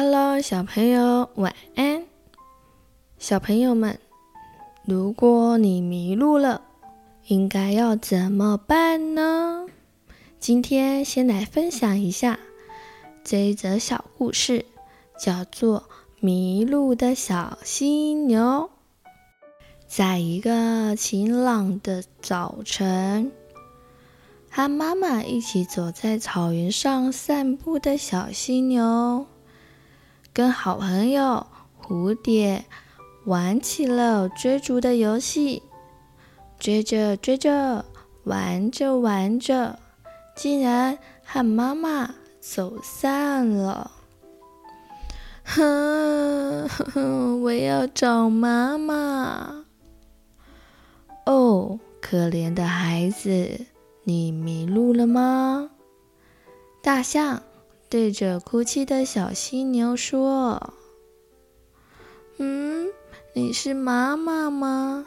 Hello，小朋友，晚安。小朋友們，如果你迷路了，應該要怎麼辦呢？今天先來分享一下這一則小故事，叫做《迷路的小犀牛》。在一個晴朗的早晨，和媽媽一起走在草原上散步的小犀牛。跟好朋友蝴蝶玩起了追逐的遊戲，追着追着，玩着玩着，竟然和媽媽走散了。哼，哼哼，我要找媽媽。哦，可憐的孩子，你迷路了嗎？大象。對着哭泣的小犀牛說：“嗯，你是媽媽嗎？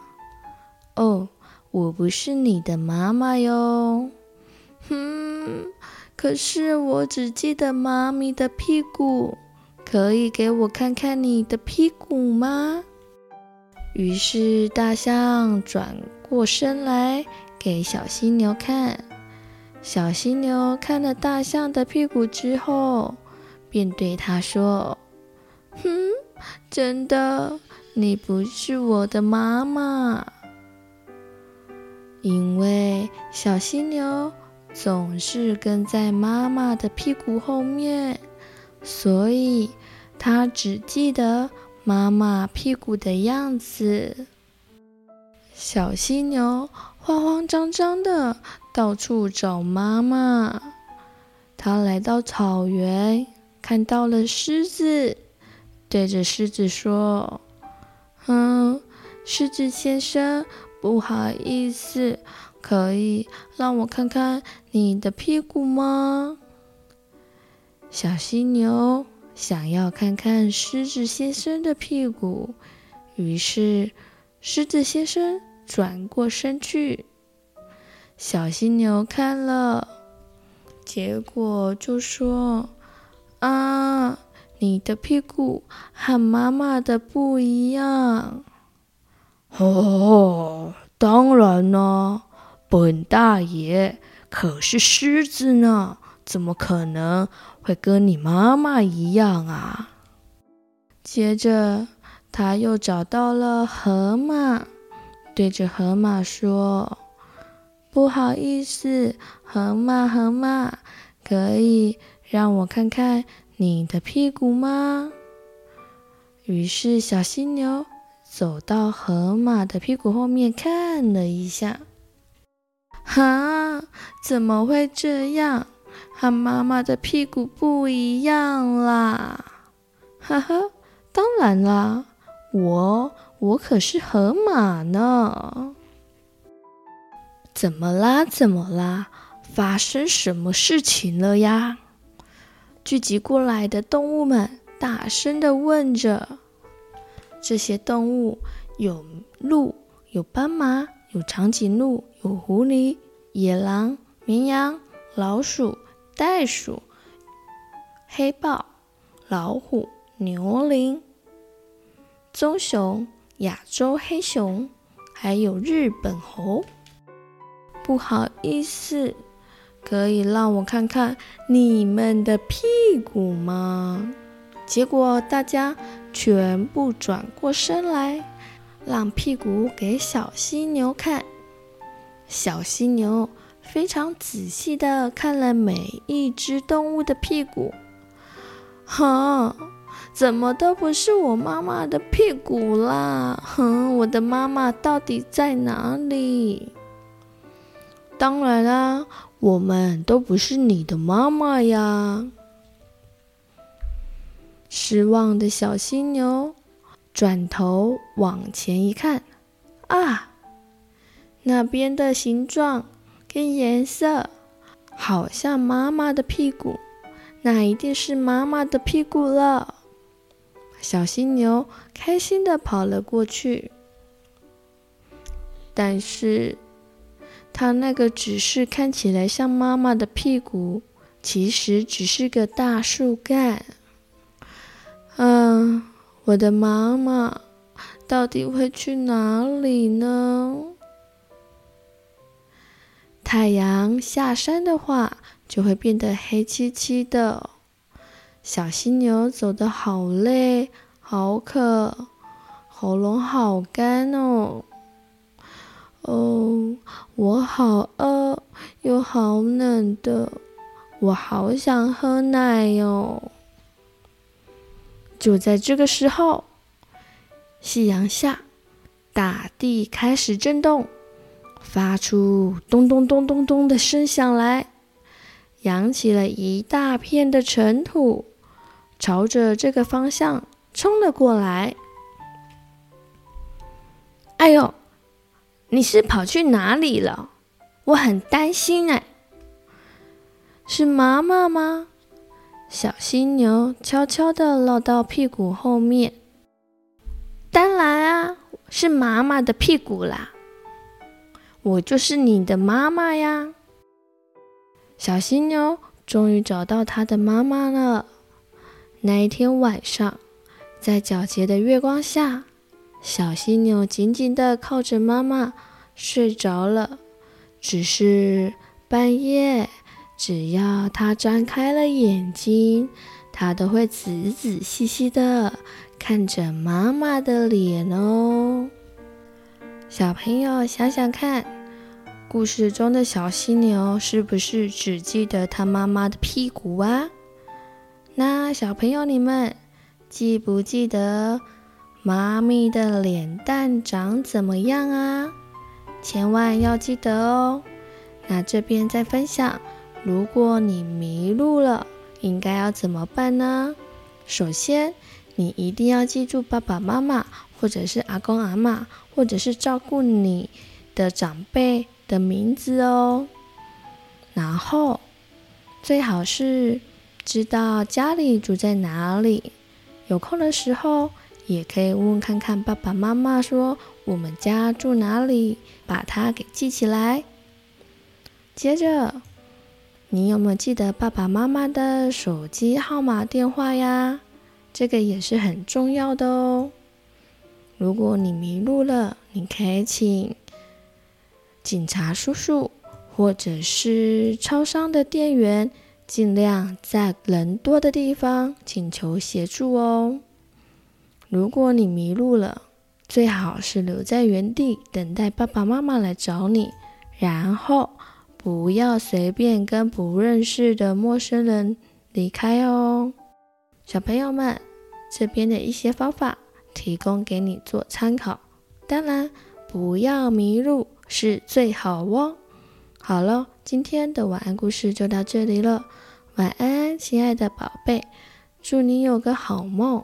哦，我不是你的媽媽喲。嗯，可是我只記得媽咪的屁股，可以給我看看你的屁股嗎？”於是，大象轉過身來給小犀牛看。小犀牛看了大象的屁股之後，便對它說：“哼，真的，你不是我的媽媽。”因為小犀牛總是跟在媽媽的屁股後面，所以它只記得媽媽屁股的樣子。小犀牛慌慌張張的。到處找媽媽。他來到草原，看到了獅子，對着獅子說：“嗯，獅子先生，不好意思，可以讓我看看你的屁股嗎？”小犀牛想要看看獅子先生的屁股，於是獅子先生轉過身去。小犀牛看了，結果就說：“啊，你的屁股和媽媽的不一樣。”“哦，當然了、啊，本大爺可是獅子呢，怎麼可能會跟你媽媽一樣啊？”接着，他又找到了河馬，對着河馬說。不好意思，河馬河馬，可以讓我看看你的屁股嗎？於是小犀牛走到河馬的屁股後面看了一下，哈、啊，怎麼會這樣？和媽媽的屁股不一樣啦！哈哈，當然啦，我我可是河馬呢。怎麼啦？怎麼啦？發生什麼事情了呀？聚集過來的動物們大聲地問着。這些動物有鹿、有鹿、有斑馬、有長頸鹿、有狐狸、野狼、綿羊、老鼠、袋鼠、黑豹、老虎、牛羚、棕熊、亞洲黑熊，還有日本猴。不好意思，可以讓我看看你們的屁股嗎？結果大家全部轉過身來，讓屁股給小犀牛看。小犀牛非常仔細地看了每一隻動物的屁股。哼，怎麼都不是我媽媽的屁股啦！哼，我的媽媽到底在哪裡？當然啦，我們都不是你的媽媽呀。失望的小犀牛轉頭往前一看，啊，那邊的形狀跟顏色好像媽媽的屁股，那一定是媽媽的屁股了。小犀牛開心的跑了過去，但是。它那個只是看起來像媽媽的屁股，其實只是個大樹幹。嗯，我的媽媽到底會去哪裡呢？太陽下山的話，就會變得黑漆漆的。小犀牛走得好累，好渴，喉嚨好乾哦。哦，oh, 我好餓，又好冷的，我好想喝奶喲、哦。就在這個時候，夕陽下，大地開始震動，發出咚咚咚咚咚的聲響來，揚起了一大片的塵土，朝着這個方向衝了過來。哎呦！你是跑去哪裡了？我很擔心。哎、欸，是媽媽嗎？小犀牛悄悄地落到屁股後面。當然啊，是媽媽的屁股啦。我就是你的媽媽呀。小犀牛終於找到它的媽媽了。那一天晚上，在皎潔的月光下。小犀牛緊緊地靠着媽媽睡着了，只是半夜，只要它張開了眼睛，它都會仔仔細細的看着媽媽的臉哦。小朋友想想看，故事中的小犀牛是不是只記得它媽媽的屁股啊？那小朋友你們記不記得？媽咪的臉蛋長怎麼樣啊？千萬要記得哦。那這邊再分享，如果你迷路了，應該要怎麼辦呢？首先，你一定要記住爸爸媽媽，或者是阿公阿嬤，或者是照顧你的長輩的名字哦。然後，最好是知道家裡住在哪裡，有空的時候。也可以問看看爸爸媽媽說我們家住哪裡，把它給記起來。接着，你有沒有記得爸爸媽媽的手機號碼電話呀？這個也是很重要的哦。如果你迷路了，你可以請警察叔叔或者是超商的店員，儘量在人多的地方請求協助哦。如果你迷路了，最好是留在原地等待爸爸媽媽來找你，然後不要隨便跟不認識的陌生人離開哦。小朋友們，這邊的一些方法提供給你做參考，當然不要迷路是最好哦。好了，今天的晚安故事就到這裡了，晚安，親愛的寶貝，祝你有個好夢。